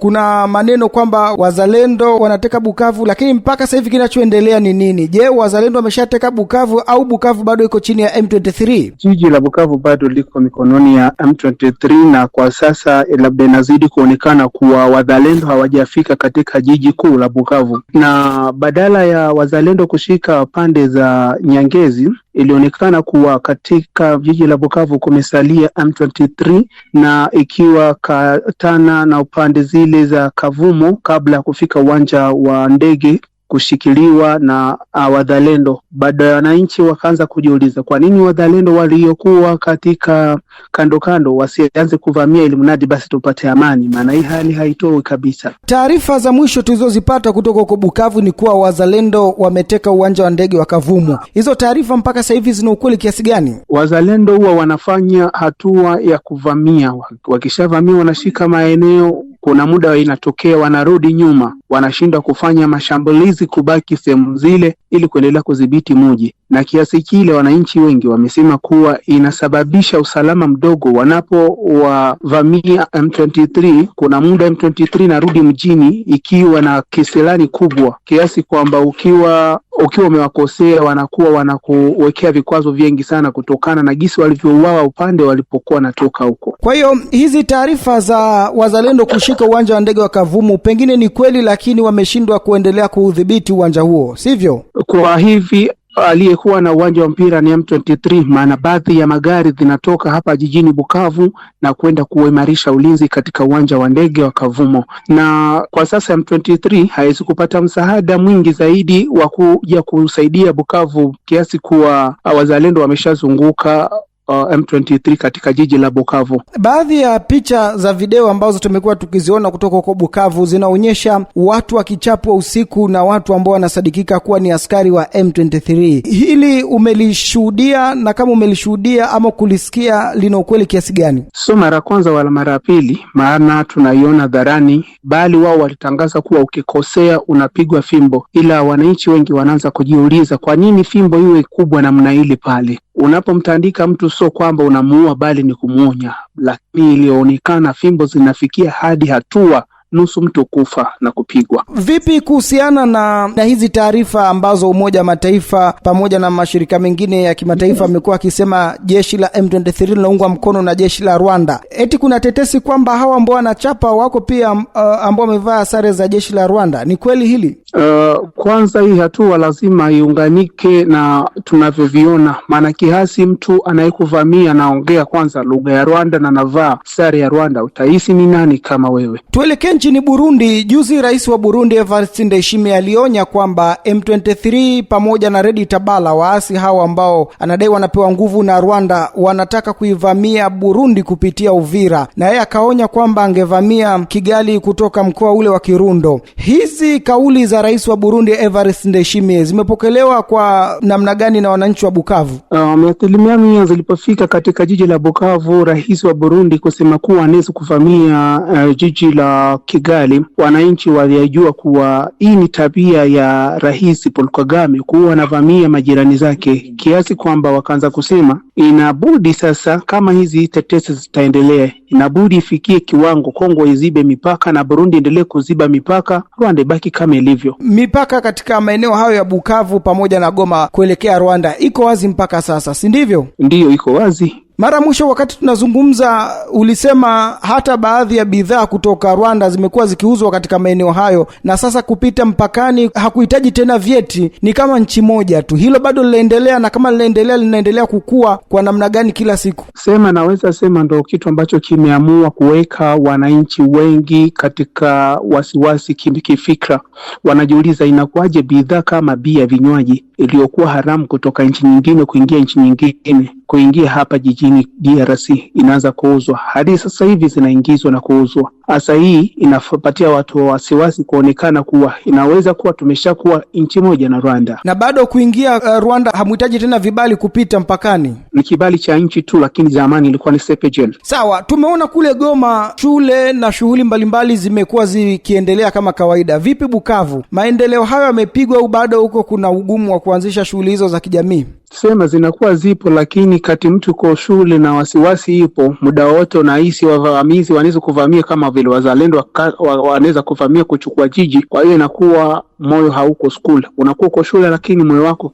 kuna maneno kwamba wazalendo wanateka Bukavu, lakini mpaka sasa hivi kinachoendelea ni nini? Je, wazalendo wameshateka Bukavu au Bukavu bado iko chini ya M23? Jiji la Bukavu bado liko mikononi ya M23, na kwa sasa eh, labda inazidi kuonekana kuwa wazalendo hawajafika katika jiji kuu la Bukavu, na badala ya wazalendo kushika pande za Nyangezi ilionekana kuwa katika jiji la Bukavu kumesalia M23, na ikiwa katana na upande zile zile za Kavumo kabla ya kufika uwanja wa ndege kushikiliwa na ah, wazalendo Baada ya wananchi wakaanza kujiuliza kwa nini wazalendo waliokuwa katika kando kando wasianze kuvamia, ili mnadi basi tupate amani, maana hii hali haitoi kabisa. Taarifa za mwisho tulizozipata kutoka huko Bukavu ni kuwa wazalendo wameteka uwanja wa ndege wa Kavumo. Hizo taarifa mpaka sasa hivi zina ukweli kiasi gani? Wazalendo huwa wanafanya hatua ya kuvamia, wakishavamia wanashika maeneo kuna muda inatokea wanarudi nyuma, wanashindwa kufanya mashambulizi, kubaki sehemu zile ili kuendelea kudhibiti mji, na kiasi kile wananchi wengi wamesema kuwa inasababisha usalama mdogo wanapowavamia M23. Kuna muda M23 narudi mjini ikiwa na kiselani kubwa kiasi kwamba ukiwa ukiwa umewakosea wanakuwa wanakuwekea vikwazo vingi sana, kutokana na gisi walivyouawa upande walipokuwa natoka huko. Kwa hiyo hizi taarifa za wazalendo kushika katika uwanja wa ndege wa Kavumu pengine ni kweli, lakini wameshindwa kuendelea kuudhibiti uwanja huo, sivyo? Kwa hivi aliyekuwa na uwanja wa mpira ni M23, maana baadhi ya magari zinatoka hapa jijini Bukavu na kwenda kuimarisha ulinzi katika uwanja wa ndege wa Kavumo, na kwa sasa M23 hawezi kupata msaada mwingi zaidi wa kuja kusaidia Bukavu, kiasi kuwa ah, wazalendo wameshazunguka uh, M23 katika jiji la Bukavu. Baadhi ya picha za video ambazo tumekuwa tukiziona kutoka huko Bukavu zinaonyesha watu wakichapwa usiku na watu ambao wanasadikika kuwa ni askari wa M23. Hili umelishuhudia, na kama umelishuhudia ama kulisikia, lina ukweli kiasi gani? Sio mara kwanza wala mara pili, maana tunaiona dharani, bali wao walitangaza kuwa ukikosea unapigwa fimbo, ila wananchi wengi wanaanza kujiuliza kwa nini fimbo iwe kubwa namna ile pale Unapomtandika mtu sio kwamba unamuua, bali ni kumuonya, lakini ilionekana fimbo zinafikia hadi hatua nusu mtu kufa na kupigwa. Vipi kuhusiana na, na hizi taarifa ambazo Umoja wa Mataifa pamoja na mashirika mengine ya kimataifa amekuwa akisema jeshi la M23 linaungwa mkono na jeshi la Rwanda, eti kuna tetesi kwamba hawa ambao wanachapa wako pia uh, ambao wamevaa sare za jeshi la Rwanda, ni kweli hili? Uh, kwanza hii hatua lazima iunganike na tunavyoviona, maana kihasi mtu anayekuvamia anaongea kwanza lugha ya Rwanda na anavaa sare ya Rwanda, utahisi ni nani kama wewe? Tuelekee nchini Burundi, juzi rais wa Burundi Evariste Ndayishimiye alionya kwamba M23 pamoja na Redi Tabala, waasi hao ambao anadai wanapewa nguvu na Rwanda, wanataka kuivamia Burundi kupitia Uvira, na yeye akaonya kwamba angevamia Kigali kutoka mkoa ule wa Kirundo. Hizi kauli za rais wa Burundi Evariste Ndayishimiye zimepokelewa kwa namna gani na wananchi wa Bukavu? Asilimia ah, um, mia zilipofika katika jiji la Bukavu, rais wa Burundi kusema kuwa anaweza kuvamia uh, jiji la Kigali, wananchi waliyajua kuwa hii ni tabia ya Rais Paul Kagame kuwa anavamia majirani zake, kiasi kwamba wakaanza kusema inabudi sasa, kama hizi tetesi zitaendelea, inabudi ifikie kiwango Kongo izibe mipaka na Burundi endelee kuziba mipaka, Rwanda ibaki kama ilivyo. Mipaka katika maeneo hayo ya Bukavu pamoja na Goma kuelekea Rwanda iko wazi mpaka sasa, si ndivyo? Ndiyo, iko wazi. Mara mwisho wakati tunazungumza, ulisema hata baadhi ya bidhaa kutoka Rwanda zimekuwa zikiuzwa katika maeneo hayo, na sasa kupita mpakani hakuhitaji tena vyeti, ni kama nchi moja tu. Hilo bado linaendelea, na kama linaendelea, linaendelea kukua kwa namna gani kila siku? Sema naweza sema ndo kitu ambacho kimeamua kuweka wananchi wengi katika wasiwasi kifikra. Wanajiuliza, inakuwaje bidhaa kama bia, vinywaji iliyokuwa haramu kutoka nchi nyingine kuingia nchi nyingine kuingia hapa jijini DRC inaanza kuuzwa hadi sasa hivi zinaingizwa na kuuzwa. Hasa hii inapatia watu wa wasiwasi kuonekana kuwa inaweza kuwa tumeshakuwa nchi moja na Rwanda. Na bado kuingia uh, Rwanda hamhitaji tena vibali kupita mpakani, ni kibali cha nchi tu, lakini zamani ilikuwa ni sepejel. Sawa, tumeona kule Goma shule na shughuli mbalimbali zimekuwa zikiendelea kama kawaida. Vipi Bukavu, maendeleo hayo yamepigwa au bado huko kuna ugumu wa kuanzisha shughuli hizo za kijamii? sema zinakuwa zipo, lakini kati mtu uko shule na wasiwasi ipo muda wote, unahisi wavamizi wanaweza kuvamia kama vile wazalendo wanaweza kuvamia kuchukua jiji. Kwa hiyo inakuwa moyo hauko skuli, unakuwa uko shule, lakini moyo wako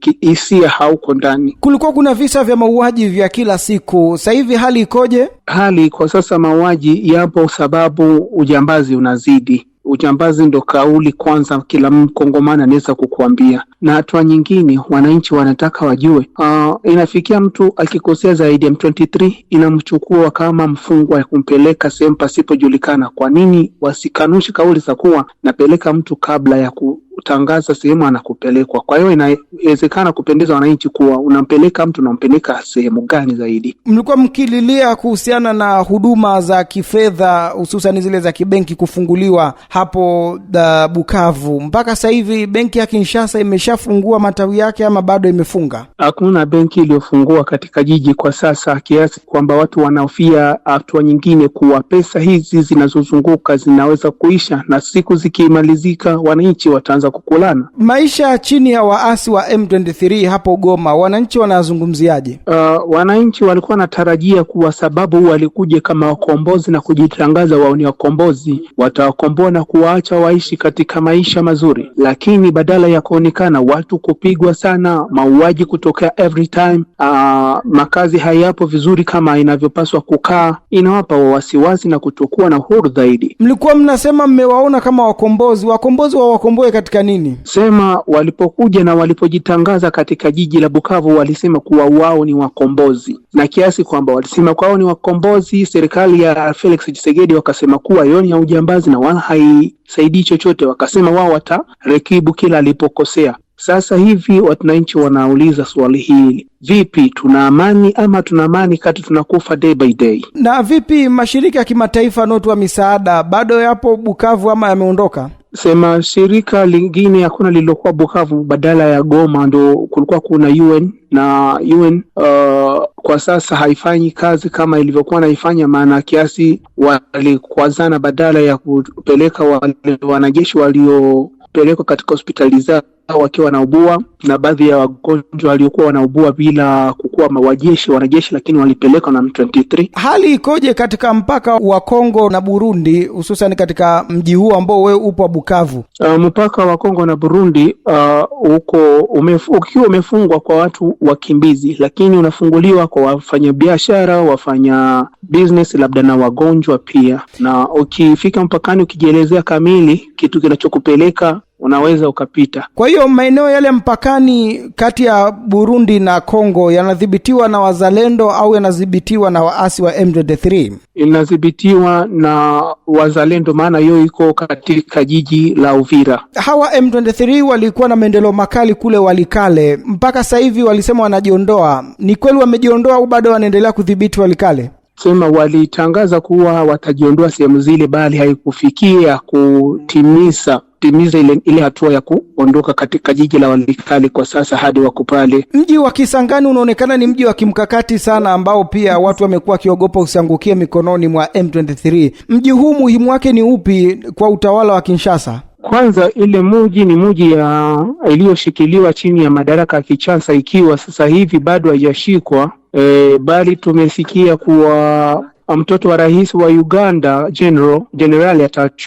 kihisia ki hauko ndani. Kulikuwa kuna visa vya mauaji vya kila siku, sasa hivi hali ikoje? Hali kwa sasa mauaji yapo, sababu ujambazi unazidi Ujambazi ndo kauli kwanza kila mkongomani anaweza kukuambia, na hatua nyingine wananchi wanataka wajue. Uh, inafikia mtu akikosea zaidi ya M23 inamchukua kama mfungwa ya kumpeleka sehemu pasipojulikana. Kwa nini wasikanushe kauli za kuwa napeleka mtu kabla ya ku kutangaza sehemu anakupelekwa. Kwa hiyo inawezekana kupendeza wananchi kuwa unampeleka mtu unampeleka sehemu gani zaidi. Mlikuwa mkililia kuhusiana na huduma za kifedha hususan zile za kibenki kufunguliwa hapo da uh, Bukavu. Mpaka sasa hivi benki ya Kinshasa imeshafungua matawi yake ama bado imefunga? Hakuna benki iliyofungua katika jiji kwa sasa, kiasi kwamba watu wanaofia hatua nyingine kuwa pesa hizi zinazozunguka zinaweza kuisha na siku zikimalizika wananchi wataanza kukulana. Maisha chini ya waasi wa M23 hapo Goma, wananchi wanazungumziaje? Uh, wananchi walikuwa wanatarajia kuwa sababu walikuja kama wakombozi na kujitangaza wao ni wakombozi, watawakomboa na kuwaacha waishi katika maisha mazuri, lakini badala ya kuonekana watu kupigwa sana, mauaji kutokea every time, uh, makazi hayapo vizuri kama inavyopaswa kukaa, inawapa wasiwasi na kutokuwa na uhuru zaidi. Mlikuwa mnasema mmewaona kama wakombozi, wakombozi wa wakomboe katika nini? Sema walipokuja na walipojitangaza katika jiji la Bukavu walisema kuwa wao ni wakombozi, na kiasi kwamba walisema kuwa wao ni wakombozi. Serikali ya Felix Tshisekedi wakasema kuwa yoni ya ujambazi na wala haisaidii chochote, wakasema wao watarekibu kila alipokosea. Sasa hivi wananchi wanauliza swali hili, vipi tuna amani ama tuna amani kati tunakufa day by day? Na vipi mashirika ya kimataifa yanayotoa misaada bado yapo Bukavu ama yameondoka? sema shirika lingine hakuna lililokuwa Bukavu, badala ya Goma ndo kulikuwa kuna UN na UN uh, kwa sasa haifanyi kazi kama ilivyokuwa naifanya, maana kiasi walikwazana, badala ya kupeleka wale wanajeshi waliopelekwa katika hospitali zao wakiwa wanaugua na baadhi ya wagonjwa waliokuwa wanaugua bila kukuwa mawajeshi wanajeshi, lakini walipelekwa na M23. Hali ikoje katika mpaka wa Kongo na Burundi, hususan katika mji huu ambao wewe upo Bukavu? Uh, mpaka wa Kongo na Burundi uh, uko umef, ukiwa umefungwa kwa watu wakimbizi, lakini unafunguliwa kwa wafanyabiashara, wafanya business, labda na wagonjwa pia. Na ukifika mpakani, ukijielezea kamili kitu kinachokupeleka unaweza ukapita. Kwa hiyo maeneo yale mpakani kati ya Burundi na Kongo yanadhibitiwa na wazalendo au yanadhibitiwa na waasi wa M23? Inadhibitiwa na wazalendo, maana hiyo iko katika jiji la Uvira. Hawa M23 walikuwa na maendeleo makali kule Walikale, mpaka sasa hivi walisema wanajiondoa. Ni kweli wamejiondoa au bado wanaendelea kudhibiti Walikale? sema walitangaza kuwa watajiondoa sehemu zile, bali haikufikia kutimiza kutimiza ile, ile hatua ya kuondoka katika jiji la Walikali kwa sasa hadi wako pale. Mji wa Kisangani unaonekana ni mji wa kimkakati sana, ambao pia watu wamekuwa wakiogopa usiangukie mikononi mwa M23. Mji huu muhimu wake ni upi kwa utawala wa Kinshasa? Kwanza ile muji ni muji ya iliyoshikiliwa chini ya madaraka ya Kinshasa, ikiwa sasa hivi bado haijashikwa e, bali tumesikia kuwa mtoto wa rais wa Uganda general generali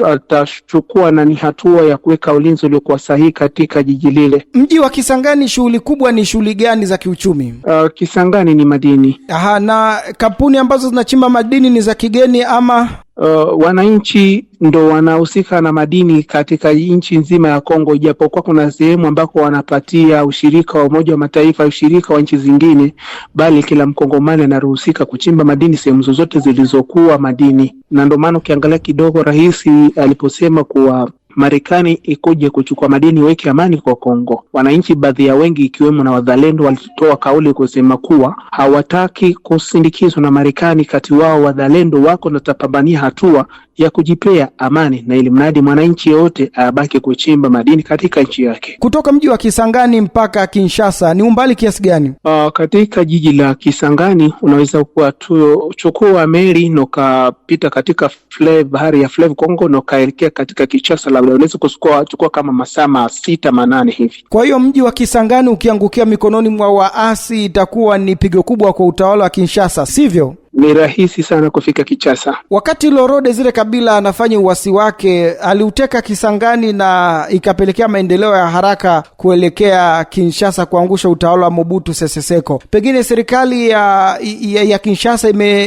atachukua na ni hatua ya kuweka ulinzi uliokuwa sahihi katika jiji lile. Mji wa Kisangani, shughuli kubwa ni shughuli gani za kiuchumi? Uh, Kisangani ni madini. Aha, na kampuni ambazo zinachimba madini ni za kigeni ama uh, wananchi ndo wanahusika na madini katika nchi nzima ya Kongo, ijapokuwa kuna sehemu ambako wanapatia ushirika wa Umoja wa Mataifa, ushirika wa nchi zingine, bali kila mkongomani anaruhusika kuchimba madini sehemu zozote zilizokuwa madini, na ndio maana ukiangalia kidogo rais aliposema kuwa Marekani ikoje kuchukua madini weke amani kwa Kongo? Wananchi baadhi ya wengi ikiwemo na wazalendo walitoa kauli kusema kuwa hawataki kusindikizwa na Marekani, kati wao wazalendo wako natapambania hatua ya kujipea amani na ili mradi mwananchi yoyote abaki kuchimba madini katika nchi yake. Kutoka mji wa Kisangani mpaka Kinshasa ni umbali kiasi gani? Uh, katika jiji la Kisangani unaweza kuwa chukua meli na ukapita katika Flev, bahari ya Flev Congo na ukaelekea katika Kinshasa, labda unaweza chukua kama masaa masita manane hivi. Kwa hiyo mji wa Kisangani ukiangukia mikononi mwa waasi itakuwa ni pigo kubwa kwa utawala wa Kinshasa, sivyo? ni rahisi sana kufika Kichasa. Wakati Lorode zile Kabila anafanya uwasi wake, aliuteka Kisangani na ikapelekea maendeleo ya haraka kuelekea Kinshasa kuangusha utawala wa Mobutu Sese Seko. Pengine serikali ya, ya, ya Kinshasa ime,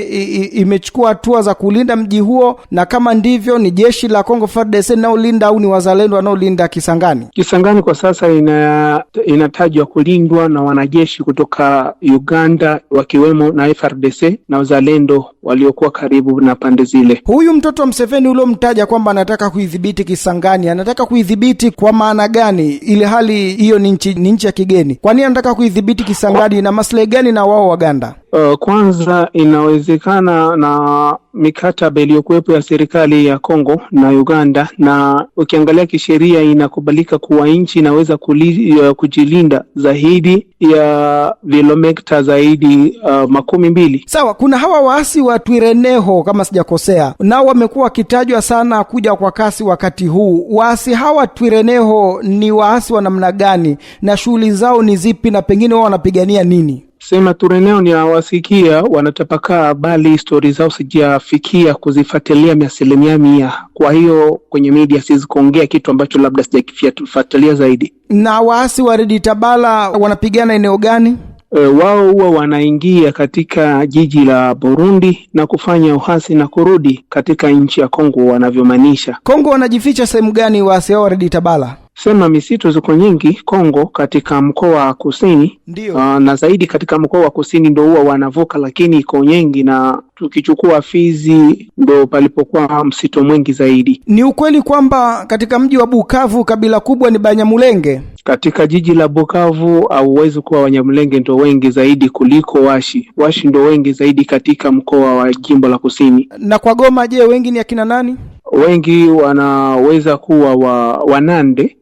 imechukua hatua za kulinda mji huo, na kama ndivyo ni jeshi la congo FARDC linaolinda au ni wazalendo wanaolinda Kisangani? Kisangani kwa sasa ina, inatajwa kulindwa na wanajeshi kutoka Uganda wakiwemo na FARDC na wazalendo wazalendo waliokuwa karibu na pande zile. Huyu mtoto wa Mseveni uliomtaja kwamba anataka kuidhibiti Kisangani, anataka kuidhibiti kwa maana gani, ili hali hiyo ni nchi ya kigeni? Kwa nini anataka kuidhibiti Kisangani na maslahi gani na wao Waganda? Uh, kwanza inawezekana na mikataba iliyokuwepo ya serikali ya Kongo na Uganda, na ukiangalia kisheria inakubalika kuwa nchi inaweza uh, kujilinda zaidi ya vilomekta zaidi uh, makumi mbili. Sawa, kuna hawa waasi wa Twireneho kama sijakosea, nao wamekuwa wakitajwa sana kuja kwa kasi wakati huu. Waasi hawa Twireneho ni waasi wa namna gani na shughuli zao ni zipi, na pengine wao wanapigania nini? Sema tureneo ni awasikia wanatapakaa, bali stori zao sijafikia kuzifuatilia miasilimia asilimia mia. Kwa hiyo kwenye media siwezi kuongea kitu ambacho labda sijakifuatilia zaidi. Na waasi wa Redi Tabala wanapigana eneo gani? E, wao huwa wanaingia katika jiji la Burundi na kufanya uhasi na kurudi katika nchi ya Kongo wanavyomaanisha. Kongo wanajificha sehemu gani waasi hao wa Redi Tabala? sema misitu ziko nyingi Kongo katika mkoa wa kusini ndio. Uh, na zaidi katika mkoa wa kusini ndo huwa wanavuka, lakini iko nyingi, na tukichukua Fizi ndo palipokuwa msitu mwingi zaidi. Ni ukweli kwamba katika mji wa Bukavu kabila kubwa ni Banyamulenge. Katika jiji la Bukavu hauwezi kuwa Wanyamulenge ndo wengi zaidi kuliko Washi. Washi ndo wengi zaidi katika mkoa wa jimbo la kusini. Na kwa Goma, je, wengi ni akina nani? Wengi wanaweza kuwa wa Wanande